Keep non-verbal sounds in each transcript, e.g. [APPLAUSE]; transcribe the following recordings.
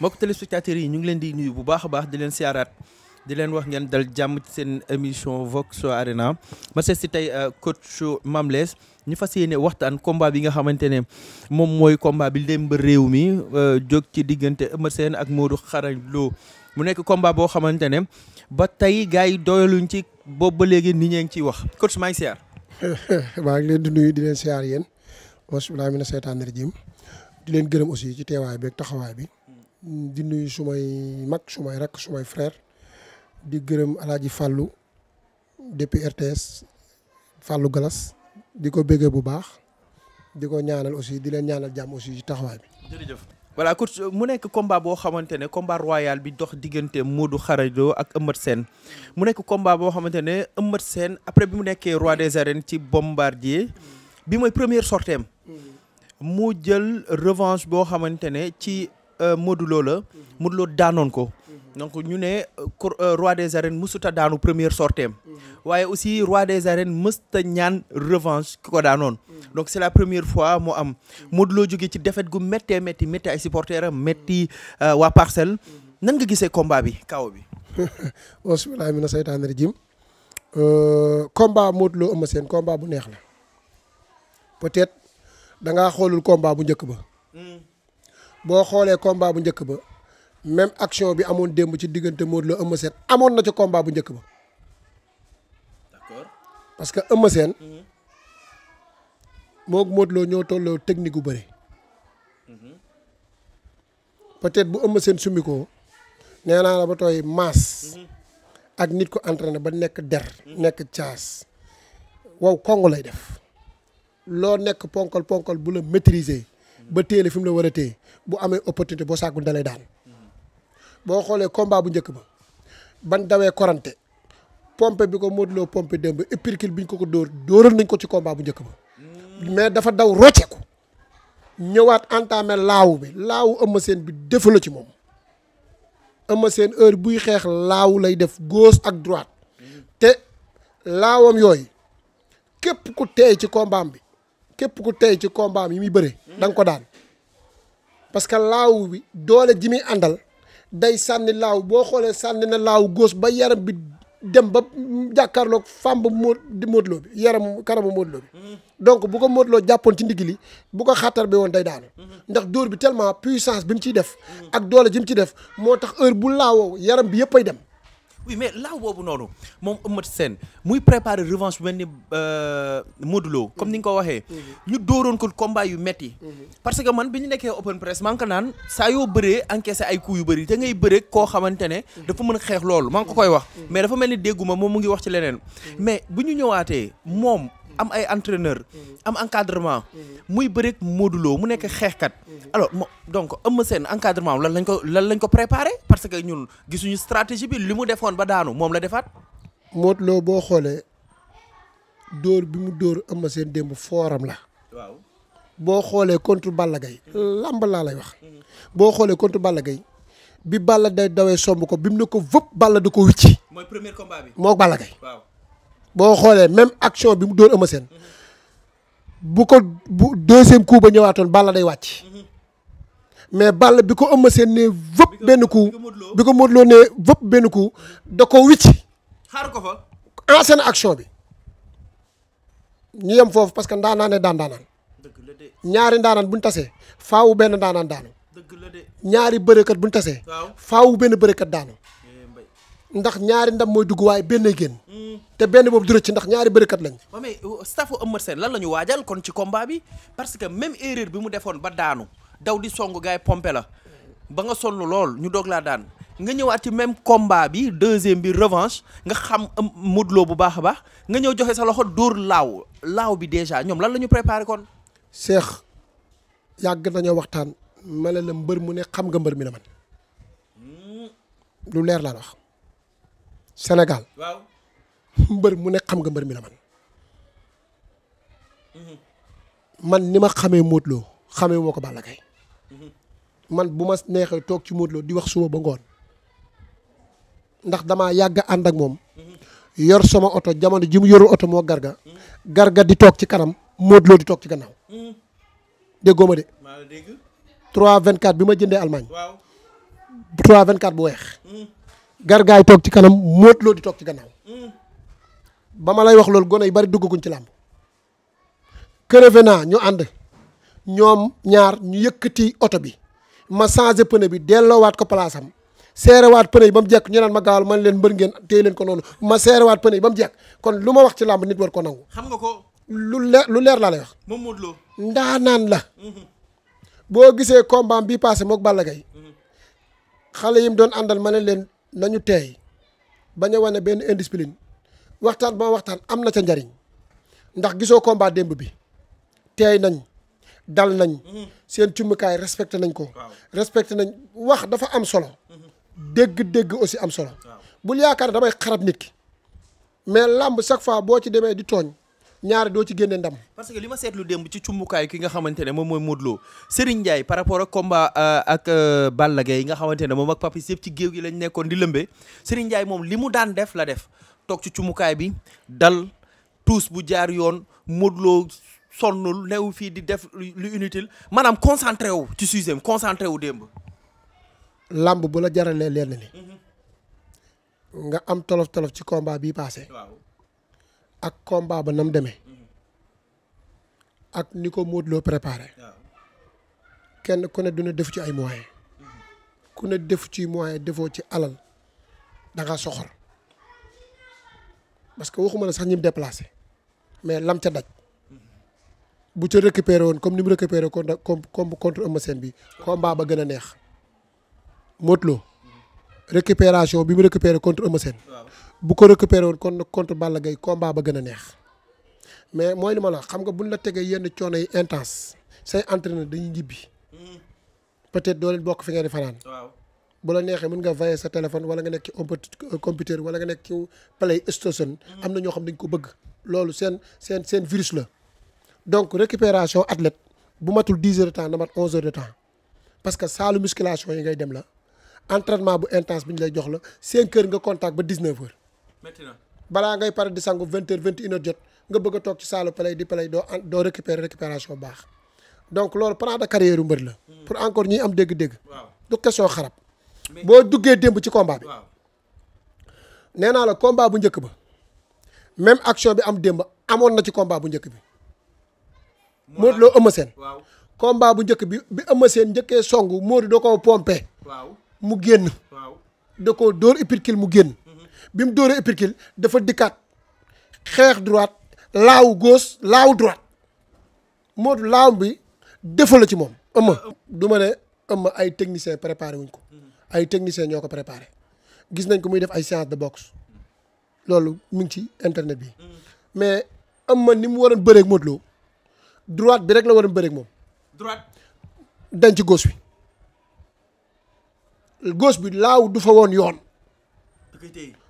mbokk téléspectateurs yi ñu ngi leen di nuyu bu baax a baax di leen siyaaraat di leen wax ngeen dal jàmm seen émission Vox Arena ma seet si tey euh, coach Mame Less ñu fas yéene waxtaan combat bi nga xamante ne moom mooy combat bi démb réew mi euh, jóg ci diggante Eumeu Sène ak Modou Xarañ loo mu nekk combat boo xamante ne ba tey gars yi doyaluñ ci boobu ba léegi nit ñee ngi ciy wax coach maa ngi siyaar. [LAUGHS] maa ngi leen di nuyu di leen siyaar yéen. wasalaamaaleykum seytaan rajim di leen gërëm aussi ci teewaay bi taxawaay bi. di nuyu sumay mag sumay rakk sumay frère di gërëm alaaji Fallou depuis RTS Fallou Galas di ko béggee bu baax di ko ñaanal aussi di leen ñaanal jàmm aussi ci taxawaay bi. jërëjëf mu nekk combat boo xamante ne combat royal bi dox diggante Modou Xarajo ak Eumeu Sène mu nekk combat boo xamante ne Eumeu Sène après bi mu nekkee roi des arènes ci bombardier bi mooy première sorteem. mu jël revanche boo xamante ci Euh, Modou la Modou daanoon ko donc ñu ne euh, roi des arènes mësuta daanu première sorteem waaye aussi roi des arènes mësta ñaan revanche ki ko daanoon donc c'est la première fois moo am Modou Lo jóge ci défaite gu méttee métti métti ay supporters am métti euh, waa parcelle nan nga gisee combat bi kaw bi [LAUGHS] bismillahi mina seytaani rajim bu neex la peut-être da xoolul combat bu njëkk ba hmm. boo xoolee combat bu njëkk ba même action bi amoon démb ci diggante Modou Lo Eumeu Sène amoon na ci combat bu njëkk ba d'accord parce que Eumeu Sène moog Modou Lo ñoo tolloo technique gu bëri mhm. peut-être bu Eumeu Sène summi ko naa la ba tooy masse mhm. ak nit ko entraîné ba nekk der mhm. nekk caas wow kong lay def loo nekk ponkal ponkal bu la maîtriser ba téele fi mu la war a téye bu amee opportunité boo saakul dalay daan boo xoolee combat bu njëkk ba ban dawee korante pompe bi ko Modou Lo pompe démb épicule bi ñu ko ko dóor dóoral nañ ko ci combat bu njëkk ba mais dafa daw rocceeku ñëwaat entamé laaw bi laawu Eumeu Sène bi defa ci moom Eumeu Sène heure buy xeex laaw lay def gauche ak droite te laawam yooyu képp ku teey ci kombaam bi képp ku teey ci combat yi muy bëre da nga ko daan parce que laaw bi doole ji muy àndal day sànni laaw boo xoolee sànni na laaw góos ba yaram bi dem ba jàkkaarloog fàmm moo di Modou Lo bi yaram karamu Modou Lo bi mm-hmm. donc bu ko Modou jàppoon ci ndigg li bu ko xattar bi woon day daanu mm-hmm. ndax dóor bi tellement puissance bi mu ciy def mm-hmm. ak doole ji mu ci def moo tax heure bu laawoo yaram bi yëpp ay dem oui mais laaw boobu noonu moom Eumeu Sène muy préparer revanche bu mel ni euh, Modou Lo comme ni nga ko waxee mhm. ñu dóoroon ko combat yu metti mhm. parce que man bi ñu nekkee open press man ko naan saa yoo bëree encaissé ay coups yu bëri te ngay bëree koo xamante ne mhm. dafa mën a xeex loolu maa ngi ko koy wax mais dafa mel ni dégguma moom mu ngi wax ci leneen mais bu ñu ñëwaatee moom am ay entraîneur mhm. am encadrement mhm. muy bëreeg Modou mu nekk xeexkat mhm. alors mo donc Eumeu Sène encadrement lan lañ ko lan lañ ko préparé parce que ñun gisuñu stratégie bi li mu defoon ba daanu moom la defaat Modou boo xoolee dóor bi mu dóor Eumeu Sène démb fooram la waaw boo xoolee contre Balla Gaye làmb laa lay wax boo xoolee contre Balla Gaye bi Balla day dawee somb ko bi mu ne ko vëpp Balla da ko wicci mooy premier combat bi moo Balla boo xoolee même action bi mu dóor Eumeu Sène bu ko bu deuxième coup ba ñëwaatoon Balla day wàcc mais Balla bi ko Eumeu Sène ne vëpp benn coup bi ko Modou Lo ne vëpp benn coup da ko wicc xaar ko fa ancienne action bi ñu yem foofu parce que ndaanaan ne daan daanaan ñaari ndaanaan buñ tasee faawu benn ndaanaan daanu ñaari bërëkat buñ tasee faawu benn bërëkat daanu eh, ndax ñaari ndam mooy dugg waaye benn génn te benn boobu du ci ndax ñaari bërikat lañ. waaw mais euh, staffu Eumeu Sène lan la ñu waajal kon ci combat bi parce que même erreur bi mu defoon ba daanu daw di songu gars yi pompe la ba nga sonn lool ñu doog laa daan nga ñëwaat ci même combat bi deuxième bi revanche nga xam euh, Modou Lo bu baax a baax nga ñëw joxe sa loxo dóor laaw laaw bi déjà ñoom lan la ñu préparé kon. Cheikh yàgg nañoo waxtaan ma ne la mbër mu ne xam nga mbër mi la man hmm. lu leer laa wax Sénégal mbër mu nekk xam nga mbër mi la man man ni ma xamee Modou Lo xamee moo ko Balla Gaye man bu ma neexee toog ci Modou di wax suba ba ngoon ndax damaa yàgg ànd ak moom yor sama oto jamono ji yoru oto moo garga garga di toog ci kanam Modou Lo di toog ci gannaaw déggoo ma de. maa la dégg. 3 24 bi ma jëndee Allemagne. waaw 3 24 bu weex. gargaay toog ci kanam Modou Lo di toog ci gannaaw. ba ma lay wax loolu gone yi bari dugg duggaguñ ci làmb kërëfe naa ñu ànd ñoom ñaar ñu yëkkati oto bi ma changé pneu bi delloowaat ko place am seerewaat pneu yi ba mu jekk ñu naan ma gaawal man leen mbër ngeen téye leen ko noonu ma seerewaat pneu yi ba mu jekk kon lu ma wax ci làmb nit war ko nangu. xam nga ko lu leer lu leer laa lay wax. moom Modou Lo ndaanaan la. Mhm. boo gisee compame bi passé mook Balla Gaye mhm. xale yim doon àndal ma ne leen nañu teey bañ wane benn indiscipline. waxtaan ba waxtaan am na ca njariñ ndax gisoo combat démb bi teey nañ dal nañ seen cumbukaay respecté nañ ko respecté nañ wax dafa am solo dégg-dégg aussi am solo bul yaakaar damay xarab nit ki mais làmb chaque fois boo ci demee di tooñ ñaari doo ci génne ndam. parce que li ma seetlu démb ci cumbukaay ki nga xamante ne moom mooy Modou Lo Serigne par rapport ak combat euh, ak euh, Balla Gaye yi nga xamante ne moom ak Papis yëpp ci géew gi lañ nekkoon di lëmbee Serigne Ndiaye moom li mu daan def la def toog ci cumukaay bi dal tous bu jaar yoon modloo sonnul newu fii di def lu inutile maanaam concentré wu ci sujet am wu démb làmb bu la jaralee lenn li mhm. nga am tolof tolof ci combat bi passé ak combat ba nam demee mhm. ak ni ko Modou Lo kenn ku ne duna def ci ay moyens mhm. ku ne def ci moyen defoo ci alal danga nga soxor parce que waxuma la sax ñi déplacé mais lam ca daj bu ca récupéré woon comme ni mu récupéré contre contre Eumeu bi combat ba gën a neex Modou Lô bi mu récupéré contre Eumeu Sène bu ko récupéré woon kon contre Balla Gaye combat ba gën a neex mais mooy li ma la xam nga buñ la tegee yenn coono yi intense say entraîneur dañuy ñibbi mm-hmm. peut-être doo bokk fi ngeen di fanaan. bu la neexee mën nga vailler sa téléphone wala nga nekk ci computer wala station am na ñoo xam dañ ko bëgg loolu seen seen seen virus la donc récupération athlète bu matul 10 heures de temps na mat 11 heures de temps parce que saalu musculation yi ngay dem la entraînement bu intense bi ñu lay jox la 5 kër nga contact ba 19 heures balaa ngay pare di sangu 20 heures 21 heures jot nga bëgg toog ci saalu play di play doo doo récupérer récupération baax donc loolu plan de carrière yu la hmm. pour encore ñuy am dégg-dégg du question xarab boo duggee démb ci komba bi nee naa la combat bu njëkk ba même action bi am démb amoon na ci combat bu njëkk bi Modou Lo bu njëkk bi bi Eumeu Sène njëkkee song Modou da mu génn da koo dóor uppercut mu génn mhm. bi mu dóoree uppercut dafa dikkaat xeex droite laaw gauche laaw droite Modou laaw bi defal ci moom Eumeu du ne Eumeu ay technicien préparé wuñ ko mhm. ay techniciens ñoo ko préparé gis nañ ko muy def ay séance de boxe loolu mu ngi ci internet bi mm. mais am man ni mu waroon bëreeg Modou Lo droite bi rek la waroon bëreeg moom. droite denc gauche bi gauche bi laaw du fa woon yoon.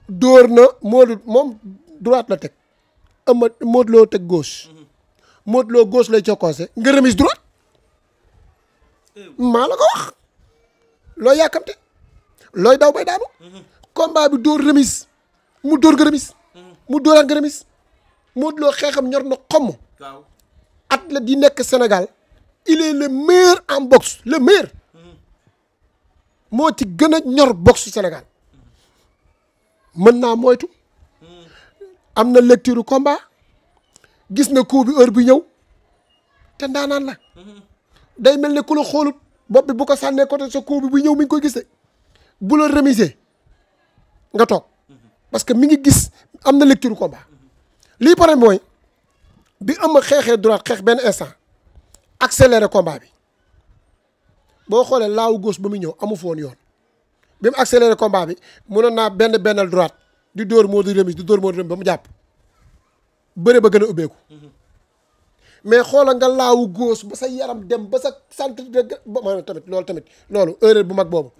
dóor na Modou moom droite la teg am na Modou Lo teg gauche. Mm-hmm. Modou gos gauche lay cokkoose nga remise droite maa la ko wax loo yàkkamte looy daw bay daanu. combat bi dóor remise mu dóor nga remise. mu dóoraat nga remise. Modou Lo xeexam ñor na xomm. at la di nekk Sénégal il est le meilleur en boxe le meilleur. moo ci gën a ñor boxe Sénégal. mën naa moytu. am na lecture combat. gis na coup bi heure bi ñëw. ten daan la. Mm-hmm. day mel na ku la xoolut bopp bi bu ko sànnee côté sa coup bu ñëw mi ngi koy gisee. bu la remiser nga toog parce que mi ngi gis am na lecture combat lii pare mooy bi am xeexee droit xeex benn instant accéléré komba bi boo xoolee laawu gauche ba mu ñëw amu foon yoon bi mu accéléré combat bi noon naa benn bennal droite di dóor moo di remise di dóor moo di remise ba mu jàpp bëre ba gën a ubbeeku mais xoola nga laawu góos ba sa yaram dem ba sa centre de ba maanaam tamit loolu tamit loolu erreur bu mag boobu.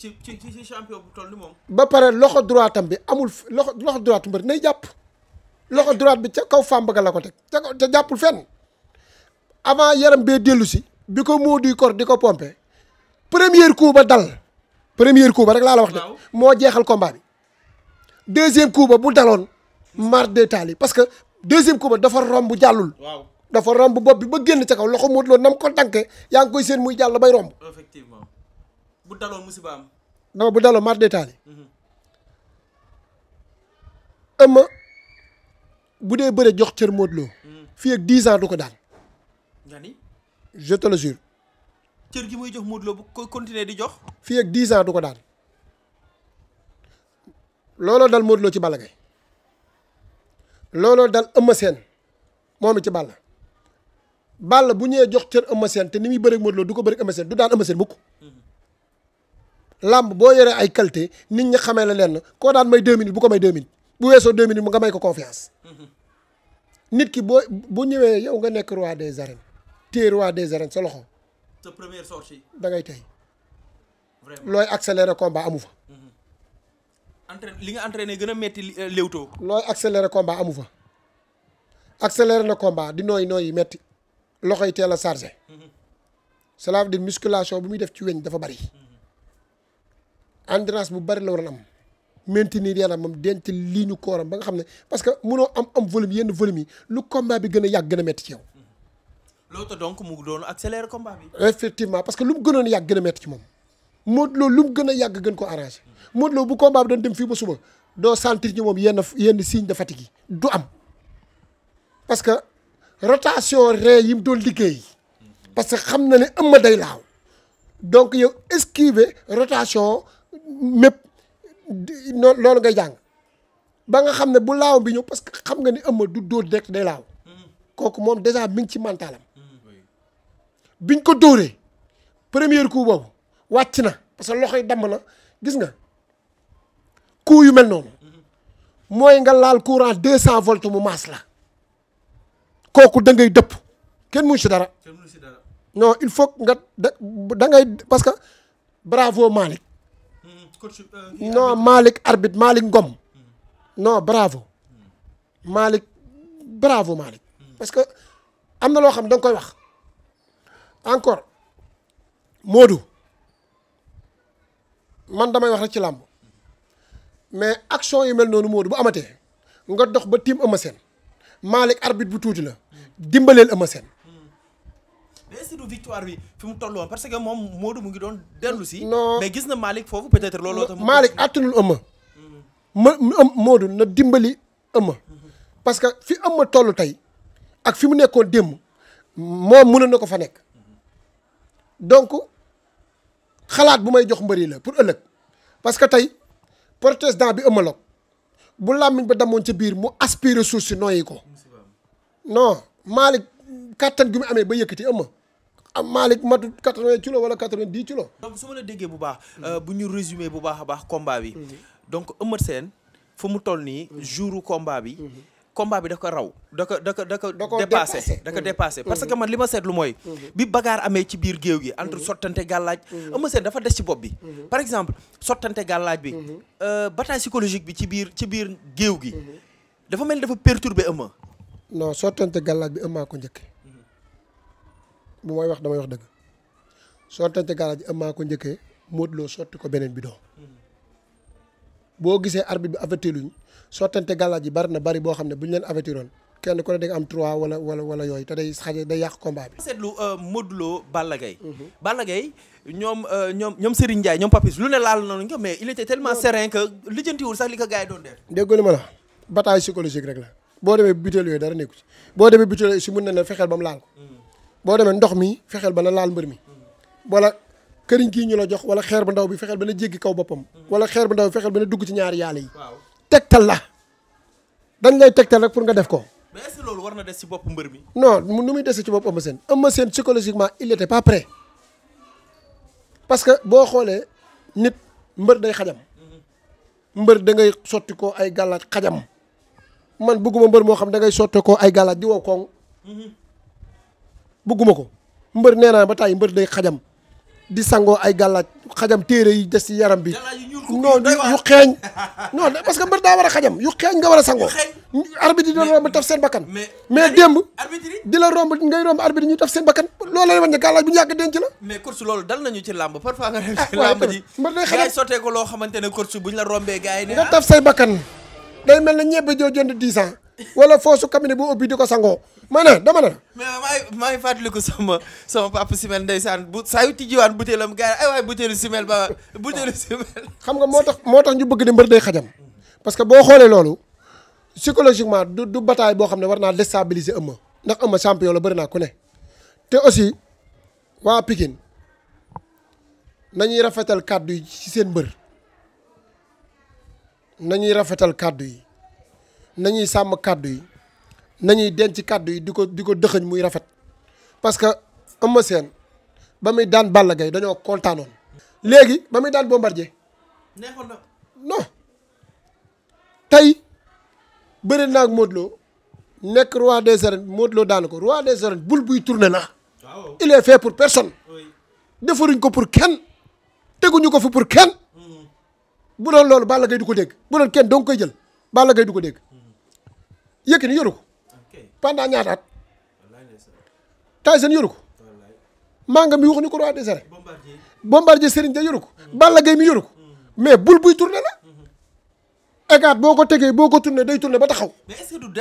ci ci ci champion bu moom. ba pare loxo droitam bi amul loxo loxo droite mbër nay jàpp loxo droite bi ca kaw fàmbaga la ko teg ca jàppul fenn avant yaram bee dellu bi ko moo duy kor di ko pompe premier coup ba dal premier coup ba rek laa la wax de moo jeexal combat bi deuxième coup bu daloon mar de taal yi parce que deuxième coup ba dafa romb jàllul. waaw dafa romb bopp bi ba génn ca kaw loxo Modou nam ko danke yaa ngi koy seen muy jàll bay romb. effectivement bu daloon musiba am. bu daloon mar détaillé. Mhm. ëmma bu dee bëre jox cër Modou fi mhm. fii ak ans du ko daal. nga ni je gi muy jox Modou Lo ko continuer di jox. fii ak 10 du ko daal. looloo dal Modou Lo ci Balla Gaye looloo dal Eumeu Sène moom ci Balla Balla bu ñëwee jox cër Eumeu te ni muy bëreeg Modou Lo du ko bëreeg Eumeu Sène du daan Eumeu mukk làmb boo yoree ay qualité nit ñi xamee la lenn koo daan may deux minutes bu ko may deux minutes bu weesoo deux minutes mu nga may ko confiance nit ki boo bu ñëwee yow nga nekk roi des arènes téye roi des arènes sa loxo. sa première sortie da ngay tey looy accéléré combat amu fa. Mhm. entraîne li nga entraîné gën a metti léwtoo. Euh, looy accéléré combat amu fa accéléré na combat di nooy nooy metti loxo yi teel a chargé cela veut dire musculation bu muy def ci weñ dafa bari endurance bu bari la waroon am maintenir moom denc lii ñu kooram ba nga xam ne parce que munoo am am volume yenn volume yi lu combat bi gën a yàgg gën a métti ci yow. loolu te mu doon accélérer combat bi. effectivement parce que lu mu gënoon yàgg gën a métti ci moom Modou Lo lu mu gën a yàgg gën ko arrangé Modou Lo bu combat bi doon dem fii ba suba doo sentir ci moom yenn yenn signe de fatigue yi du am parce rotation ree yi mu doon liggéey parce que xam na ne ëmma day laaw donc yow esquiver rotation mépp noonu loolu ngay jàng ba nga xam ne bu laaw bi ñëw parce que xam nga ni ëmma du dóor direct day laaw kooku moom déjà mi ngi ci mentalam biñ ko dóoree premier coup boobu wàcc na parce que loxo yi damm na gis nga coup yu mel noonu mooy nga laal courant deux cent volts mu maas la kooku da ngay dëpp kenn mënu si dara. kenn si dara non il faut nga da ngay parce que bravo Malick. Hmm, euh, non Malick arbitre Malick Ngom. non bravo. Malick bravo Malick. Hmm. parce que am na loo xam da nga koy wax encore Modou man damay wax rek ci làmb mais action yu mel noonu Modou bu amatee nga dox ba tiim Eumeu Sène Malick arbitre bu tuuti la. dimbaleel Eumeu Sène. Hmm. mais surtout victoire bi fi mu tolloon parce que moom Modou mu ngi doon dellu si. non gis na Malick foofu peut-être looloo tax. Malick attanul Eumeu. Hmm. ma Modou dimbali Eumeu. parce que fi Eumeu tollu tey ak fi mu nekkoon démb moom mënoon na ko fa nekk donc xalaat bu may jox mbëri la pour ëllëg parce que tey protestant bi Eumeu Lô bu làmmiñ ba damoon ca biir mu aspiré suuf si nooyi ko non. Malick kattan gi mu amee ba yëkkati ëmma am Malick matu 80 kilos wala 90 kilos. donc su ma la déggee bu baax. Euh, bu ñu résumé bu baax a baax combat bi. Mhm. donc Eumeu Sène fu mu toll nii. Mhm. jouru combat bi. Mhm. combat bi da ko raw da ko da ko da ko dépassé da ko dépassé parce que man li ma seetlu mooy bi bagaar amee ci biir géew gi entre sottante gàllaaj Eumeu Sène dafa des ci bopp bi par exemple sottante gàllaaj bi euh, bataille psychologique bi ci biir ci biir géew gi dafa mel ni dafa perturbé Eumeu non sottante gàllaaj bi ëmmaa ko njëkke mm-hmm. bu mooy wax damay wax dëgg sottante gàllaaj bi ëmmaa ko njëkkee Modou Lo sotti ko beneen bidon mm-hmm. boo gisee arbitre bi avertir luñ sottante gàllaaj yi bari na bari boo xam ne bu ñu leen avertiroon kenn ku ne da am trois wala wala wala yooyu te day xaje day yàq combat bi. seetlu euh, Modou Lo Balla Gaye. Mm-hmm. Balla Gaye ñoom euh, ñoom ñoom Serigne ñoom Papis lu ne laal noonu nga mais il était tellement serein sax li ko gars yi doon def. d ma la rek la. boo demee butéel yooyu nekku ci boo demee butéel yooyu si mun na la fexeel ba mu laal mm. boo demee ndox mi fexeel ba la laal mbër mi mm. walla këriñ kii ñu la jox wala xeer bu ndaw bi fexeel ba la jéggi kaw boppam mm. wala xeer bu ndaw bi fexeel ba la dugg ci ñaari yàlla yi tegtal la dañ lay tegtal rek pour nga def ko mais est-ce loolu war na des si bopp mbër mi non nu muy dese ci bopp Eumeu seen Eumeu Sène psychologiquement il était pas prêt parce que boo xoolee nit mbër day xajam mm-hmm. mbër da sotti ko ay gàllaat xajam man bëgguma mbër moo xam da ngay sotte ko ay galaaj di wow koŋ bëgguma ko mbër nee naa ba tàyyi mbër day xajam di sangoo ay galaaj xajam téere yi des yaram bi non yu xeeñ non parce que mbër daa war a xajam yu xeeñ nga war a sangoo arbitre di la romb mais démb di la romb ngay romb arbitre ñu taf seen bakkan loolu lay wax ne galaaj bu ñu yàgg denc la mais course loolu dal nañu ci làmb parfois nga dem ah, ci làmb ji mbër day xajam loo xamante ne course bu ñu la rombee gars yi ne nga ah. taf say bakkan day mel na ñebe joo jënd 10 ans wala su cabinet bu ubbi di ko sangoo maanaam dama na la. mais maay maay fàttaliku sama sama papa Simel ndeysaan bu saa yu tijjiwaan butéelam gars ay waay butéelu Simel ba butéelu Simel. xam nga moo tax moo tax ñu bëgg ne mbër day xajam parce que boo xoolee loolu psychologiquement du du boo xam ne war naa déstabiliser ëmma ndax ëmma champion la bëri naa ku ne te aussi waa Pikine nañuy rafetal kàddu yi ci seen mbër. nañuy rafetal kàddu yi nañuy sàmm kàddu yi nañuy denc kàddu yi di ko di ko dëxëñ muy rafet parce que Eumeu Sène ba muy daan Balla Gaye dañoo kontaanoon. léegi ba muy daan Bombardier. neexoon na non tey bëri naa nekk roi des arènes Modou Lo daan ko roi des arènes bul buy tourné naa il est fait pour personne. defaruñ ko pour kenn teguñu ko fi pour kenn. bu loolu Balla Gaye du ko dégg bu doon kenn dong koy jël Balla Gaye du ko dégg Yékini yoru ko pendant ñaata at Tyson ko Manga mi wax ni ko roi des arènes Bombardier Serigne Dia yoru ko Balla Gaye mi yoru ko mm-hmm. mais bul buy tourné la mm-hmm. écart boo ko tegee boo ko tourné day tourné ba taxaw mais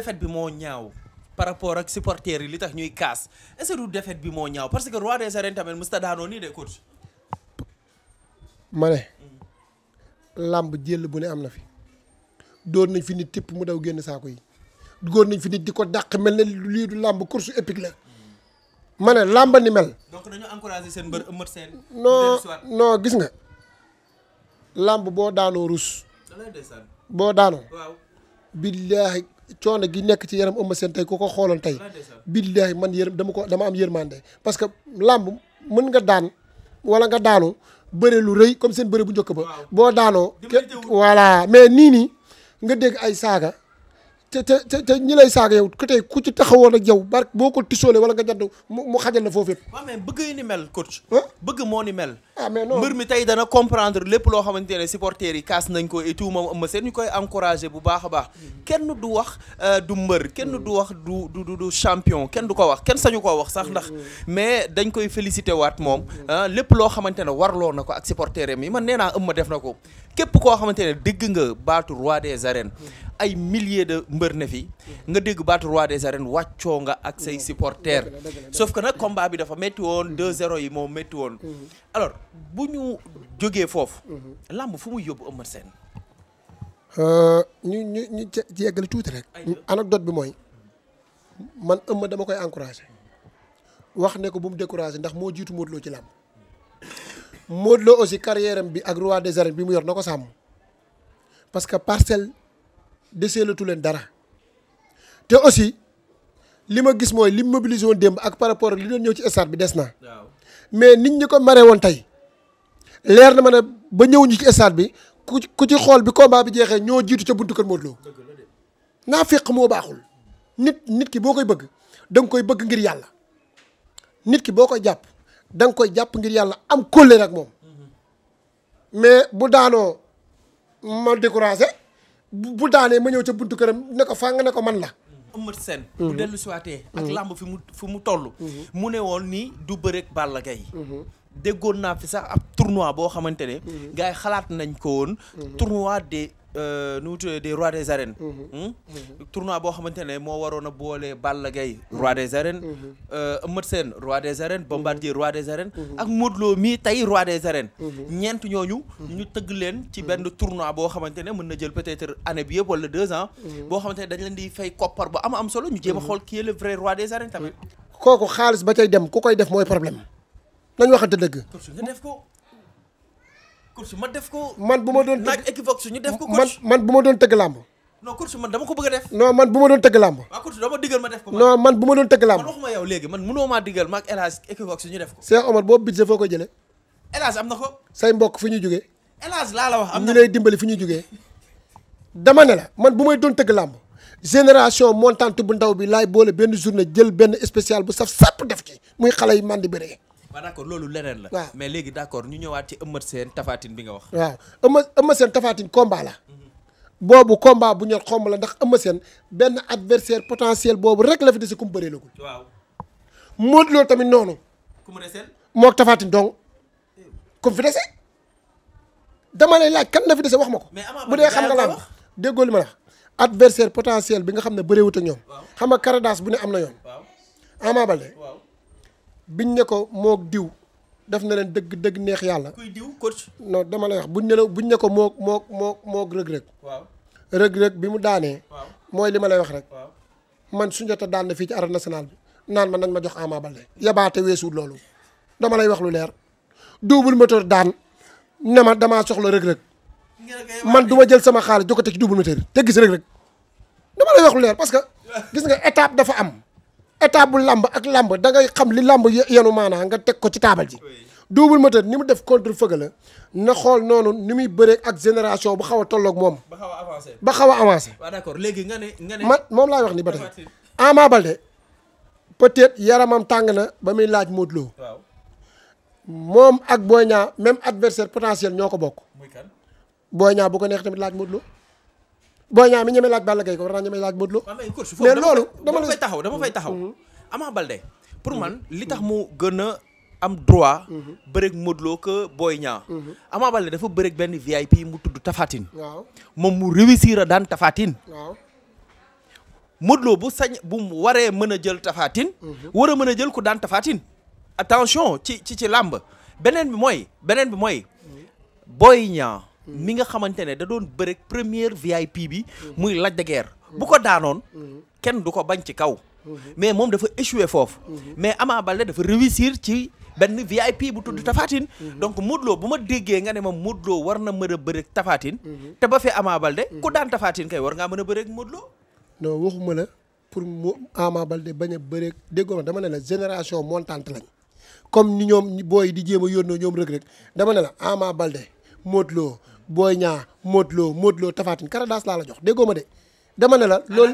est bi moo ñaaw par rapport ak li tax ñuy kaas est-ce du défaite bi moo ñaaw parce que roi des arènes tamit musta daanoo nii de coach ma làmb jël bu ne am na fi dóor nañ fi nit tipp mu daw génn saako yi góor nañ fi nit di ko dàq mel ne lii du làmb course épique la ma ne làmb ni mel. donc dañu encouragé seen mbër Eumeu Sène non non gis nga làmb boo daanoo rus. boo daanoo. waaw billaahi coono gi nekk ci yaram Eumeu Sène tey ko ko xooloon tey. billaahi man yërëm dama ko dama am yërmande parce que làmb mën nga daan wala nga daanu. bëre lu rëy comme seen bëre bu njëkk ba boo daanoo voilà mais nii nii nga dégg ay saaga te te te ñi lay saaga yow ku tey ku ci taxawoon ak yow bark boo ko tisoolee wala nga jadd mu xajal na foofu yëpp. waaw mais bëgg yi ni bëgg moo ni ah, mais non mbër mi tey dana comprendre lépp loo xamante ne supporters yi kaas nañ ko et ma moom seen ñu koy encouragé bu baax a baax. kenn du wax euh, du mbër kenn du wax du du du champion kenn du ko wax kenn sañu koo wax sax ndax. mais dañ koy félicité waat moom. lépp loo xamante ne warloo na ko ak supporters yi man nee naa ëmb def na ko. képp koo xamante ne dégg nga baatu roi des arènes ay milliers de mbër ne fi nga dégg baatu roi des arènes wàccoo nga ak say supporters sauf ko nag combat bi dafa métti woon 2-0 mhm. yi moom métti woon mhm. alors bu ñu jógee foofu mhm. làmb fu muy yóbbu Eumeu Sène euh, ñu ñu ñu ci yeggale tuuti rek anecdote bi mooy man Eumeu dama koy encouragé wax ne ko bu mu découragé ndax moo jiitu Modou Lo ci làmb Modou Lo aussi carrière am bi ak roi des arènes bi mu yor na ko sàmm parce que parcelle deseelatu leen dara te aussi li ma gis mooy li mobilisé woon démb ak par rapport li doon ñëw ci stade bi des na. mais nit ñi ko maree woon tey leer na ma ne ba ñëwuñu ci stade bi ku ku ci xool bi combat bi jeexee ñoo jiitu ca buntu kër Modou Lo naa fiq moo baaxul nit nit ki boo koy bëgg danga koy bëgg ngir yàlla nit ki boo koy jàpp. da nga koy jàpp ngir yàlla am kóllëre ak moom mais bu daanoo ma découragé bu daanee ma ñëw ca buntu këram ne ko faa nga ne man la Eumeu Sène bu mhm. dellu siwaatee ak mhm. làmb fi mu fi mu toll mhm. mu ne woon ni du bërek Balla Gaye déggoon naa fi sax ab tournoi boo xamante ne gars xalaat nañ ko woon tournoi des Euh, nu mu tuddee des rois des arènes. Mm-hmm. Hmm? Mm-hmm. tournoi boo xamante ne moo waroon a boole Balla Gaye roi mm-hmm. des arènes. Euh, Eumeu seen roi des arènes. Bombardier roi des arènes. ak Modou mi mii roi des arènes. ñeent ñooñu. ñu tëgg leen ci benn tournoi boo xamante ne mën na jël peut-être année wala deux ans. boo xamante ne dañ leen di fay koppar bu am am solo ñu jéem a xool qui est le vrai roi des arènes tamit. kooku xaalis ba cay dem ku koy def mooy problème nañ waxante dëgg. nga course ma def ko. man bu ma doon naaj Equivox ñu def ko. man man bu ma doon tëgg làmb. non course man dama ko bëgg def. non man bu ma doon tëgg làmb. waaw ah, course dama digal ma def ko. non man bu ma doon tëgg làmb. man waxuma yow léegi man munoo maa digal ko. Cheikh Omar boobu budget foo ko jëlee. El am na ko. say mbokk fu ñuy jógee El laa la wax am na lay dimbali fu ñuy jugee. dama ne la man bu may doon tëgg làmb génération montante bu ndaw bi laay boole benn journée jël benn spécial bu saf sàpp def ci muy xale yi màndi béré waaw d'accord loolu leneen la. waaw mais léegi d'accord ñu ñëwaat ci Eumeu Sène Tapha bi nga wax. waaw Eumeu Eumeu Sène Tapha Tine combat la. Mhm. boobu combat bu ñor xomb la ndax Eumeu Sène benn adversaire potentiel boobu rek la fi dese ku mu bëree lagul. waaw Modou Lo tamit noonu. ku mu dese. moog Tapha Tine dong fi dese dama lay laaj kan la fi dese wax ma ko. bu dee xam nga la déggoo li ma la adversaire potentiel bi nga xam ne bëreewut ak ñoom. xam nga Caradass bu ne am na yoon. biñ ne ko moog diw def na leen dëgg dëgg neex yàlla. kuy diw coach. non dama lay wax bu ne la buñ ne ko moog moog moog moog rëg-rëg. waaw rëg bi mu daanee. waaw mooy li ma lay wax rek. man suñu jot daan na fii ci arène nationale bi naan ma nañ ma jox Ama Baldé. yabaate weesuut loolu dama lay wax lu leer double moteur daan ne ma damaa soxla rëg-rëg. man du ma jël sama xaalis jokkate ci double moteur te gis rëg-rëg dama lay wax lu leer parce que gis nga étape dafa am. état bu làmb ak làmb da xam li làmb yenu maanaa nga teg ko ci taabal ji Double Moteur ni mu def contre Feugueux la na xool noonu ni muy bëree ak génération bu xaw a tolloog moom ba xaw a avancé ba xaw a avancé waaw léegi nga ne nga ne moom laay wax ni ba tey Ama Baldé peut-être yaramam tàng na ba muy laaj Modou Lo moom ak Boy Niang même adversaire potentiel ñoo ko bokk Boy Niang bu ko neex tamit laaj Modou Boy Niang mi ñeme laaj Balla Gaye ko war naa ñeme laaj Modou Lo. mais loolu dama fay taxaw dama fay mhm. taxaw. Mhm. Ama Baldé pour man mhm. li tax mu gën a am droit. bëreeg Modou Lo que Boy Niang. Ama Baldé dafa bëreeg benn VIP mu tudd tafaatin waaw moom mu réussir a daan Tafatine. waaw bu sañ bu mu waree mën a jël Tafatine. war a mën a jël ku daan tafaatin attention ci ci ci làmb beneen bi mooy beneen bi mooy Boy Niang. mi nga xamante ne da doon bëre première VIP bi mhm. muy Lac de Guiers mhm. bu ko daanoon mhm. kenn du ko bañ ci kaw mais moom dafa échoué foofu mais Ama Baldé dafa réussir ci benn VIP bu tudd tafaatin donc Modou bu ma déggee nga ne ma Modou Lo war na mën a bëre Tafatine te ba fi Ama Baldé ku daan Tafatine kay war ngaa mën a bëre ak Modou Lo non waxuma la pour mu Ama Baldé bañ bëreek bëre ma dama ne la génération montante lañ comme ni ñoom booy di jéem a yónnoo ñoom rek rek dama ne la Ama Baldé Boy ñaa Modou Lo Modou loo Tapha Tine karadaas laa la jox déggoo ma de dama ne la loolu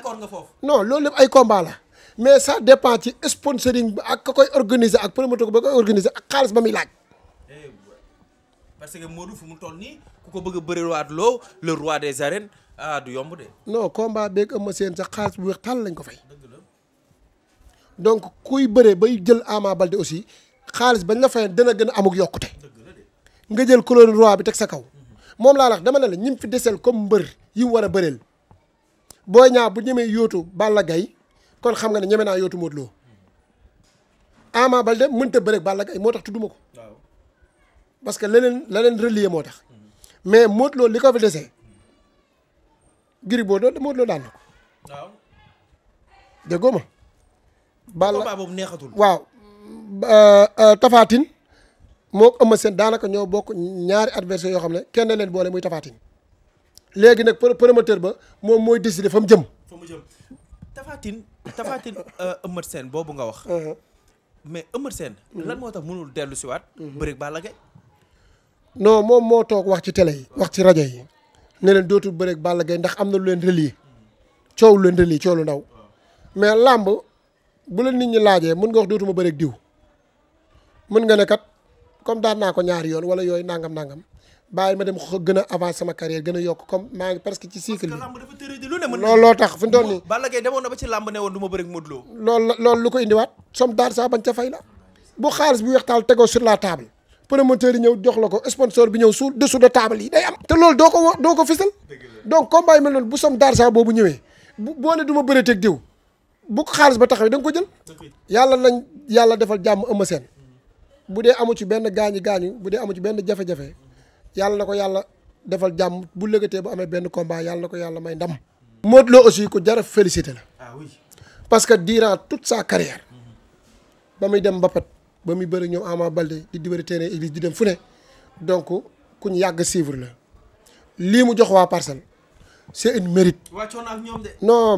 non loolu lépp ay combat la mais ça dépend ci sponsoring bi ak ka koy organiser ak promoteur ba koy organiser ak xaalis ba muy laaj eh, parce que Modou fu mu toll nii ku ko bëgg a bëri waat loo le roi des arènes ah, yomb de. non combat beeg Eumeu Sène sax xaalis bu weex tàll lañ ko fay. donc kuy bëree bay jël Ama Baldé aussi xaalis bañ la fayeen dana gën a amuk yokkute. nga jël couronne roi bi teg sa kaw. moom laa wax dama ne la ñim fi desel comme mbër yi war a bëreel Boy Niang bu ñemee yootu Balla Gaye kon xam nga ne ñeme naa yootu Modou Lo Ama Baldé mënta bëreeg Balla Gaye moo tax tudduma ko parce que leneen leneen relier moo tax mais Modou Lo li ko fi desee Gris Bordeaux Modou Lo daan na ma waaw euh, Tapha moo ëmma seen daanaka ñoo bokk ñaari adversaire yoo xam ne kenn leen boole muy tafaatin léegi nag promoteur ba moom mooy décider fa mu jëm. fa mu jëm tafaatin tafaatin ëmmat euh, seen boobu nga wax. Uh-huh. mais ëmmat seen. Uh-huh. lan moo tax mënul dellu siwaat waat. Uh-huh. bëri Balla Gaye moom moo toog wax ci télé yi. wax ci rajo yi ne leen dootul bëri Balla gay ndax am na lu leen relier coow lu leen relier coow lu ndaw mais làmb bu la nit ñi laajee mën nga wax dootuma bëri diw mën nga ne kat. comme daan naa ko ñaari yoon wala yooyu nangam nangam bàyyi ma dem xo a avance sama carrière gën a yokk comme maa ngi presque ci cycle bi. parce que lamb dafa tëree lu ne mën loolu loo tax fi mu toll nii. Balla Gaye demoon na ba ko indiwaat som daar bañ ca fay la bu xaalis bu wextaal tegoo sur la table promoteur yi ñëw jox la ko sponsor bi ñëw sous dessous de table yi day am. te loolu doo ko doo ko fisal. donc combat yi mel noonu bu som daar boobu ñëwee bu boo du ma bëreet ak diw bu xaalis ba taxawee da nga ko jël. yàlla nañ yàlla defal jàmm ëmb seen bu dee amu ci benn gaañu gaañu bu dee amu ci benn jafe-jafe yàlla na ko yàlla defal jàmm bu lëkkatee bu amee benn combat yàlla na ko yàlla may ndam. Modou Lo aussi ku jara félicité la. ah parce que durant tout sa carrière ba muy dem Mbapat ba muy bëri ñoom Ama Baldé di di bëri église di dem fu ne donc ku ñu yàgg suivre la lii mu jox waa parcelle c' est une mérite. wàccoon ak ñoom de. non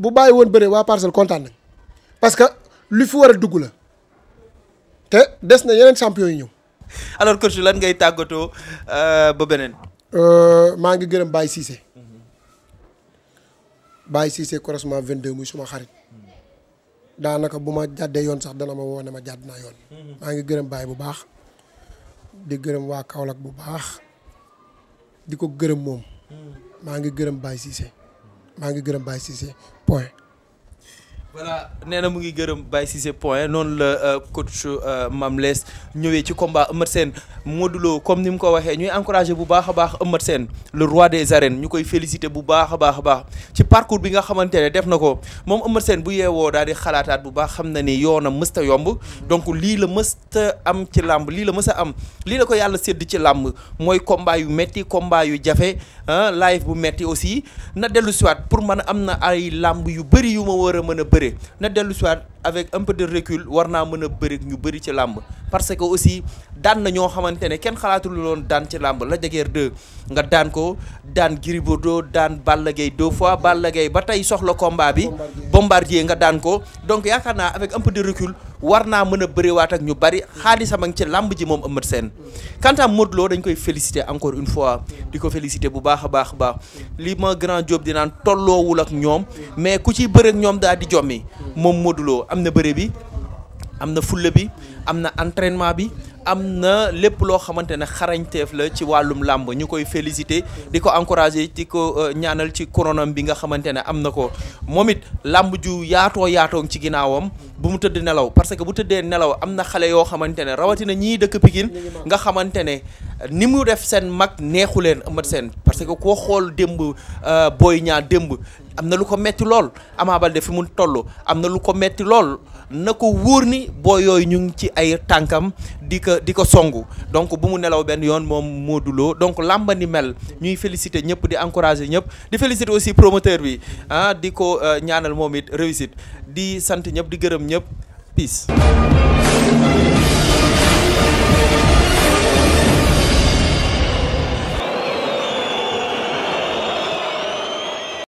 bu bàyyi woon bëre waa parcelle kontaan nañ parce que li fi war a dugg la. te des na yeneen champion yi ñëw. alors lan ngay tàggatoo euh, ba beneen. Euh, maa ngi gërëm Baye Cissé. Baye Cissé croisement 22 muy suma xarit. daanaka bu ma jàddee yoon sax dana ma woo ma jàdd naa yoon. maa ngi gërëm Baye bu baax. di gërëm waa Kaolack bu baax. di ko gërëm moom. Hmm. maa ngi gërëm Baye Cissé. maa ngi gërëm Baye Cissé voilà nee na mu ngi gërëm Baye Cissé point noonu la euh, coach euh, Mame Less ñëwee ci combat Eumeu seen Modou comme ni mu ko waxee ñuy encouragé bu baax a baax Eumeu seen le roi des arènes ñu koy félicité bu baax a baax a baax ci parcours bi nga xamante ne def na ko moom Eumeu Sène bu yeewoo daal di xalaataat bu baax xam na ni yoonam mësta yomb donc lii la mësta am ci làmb lii la mës a am lii la ko yàlla sédd ci làmb mooy combat yu metti combat yu jafe live bu metti aussi na yu bëri yu bëre na dellu si waat avec un peu de recul war naa mën a bëri ñu bëri ci làmb parce que aussi daan na ñoo xamante ne kenn xalaatul loon daan ci làmb la jageer 2 nga daan ko daan Gris Bordeaux daan Balla Gaye deux fois Balla Gaye ba tey soxla komba bi bombardier nga daan ko donc yaakaar naa avec un peu de recul war naa mën a bëriwaat ak ñu bëri xaalisam ak ci làmb ji moom Eumeu Sène quant à Modou dañ koy féliciter encore une fois di ko féliciter bu baax a baax a baax li ma grand job di tolloowul ak ñoom mais ku ciy bëre ñoom daal di jommi moom am na bëre bi am na fulla bi am na entraînement bi am na lépp loo xamante ne xarañteef la ci wàllum làmb ñu koy félicité di ko encouragé di ko euh, ñaanal ci coronam bi nga xamante ne am na ko moom it làmb ju yaatoo yaatoo ci ginnaawam bu mu tëdd nelaw parce que bu tëddee nelaw am na xale yoo xamante ne rawatina ñii dëkk Pikine nga xamante ne ni mu def seen mag neexu leen ëmbat seen parce que koo xool démb euh, booy ñaa démb am na lu ko metti lool Ama Baldé fi mu toll am na lu ko metti lool na ko wóor ni boo yooyu ñu ngi ci ay tànkam di ko di ko songu donc bu mu nelaw benn yoon moom moo duloo donc làmba ni mel ñuy féliciter ñëpp di encourager ñëpp di féliciter aussi promoteur bi ah di ko euh, ñaanal moom it réussite di sant ñëpp di gërëm ñëpp peace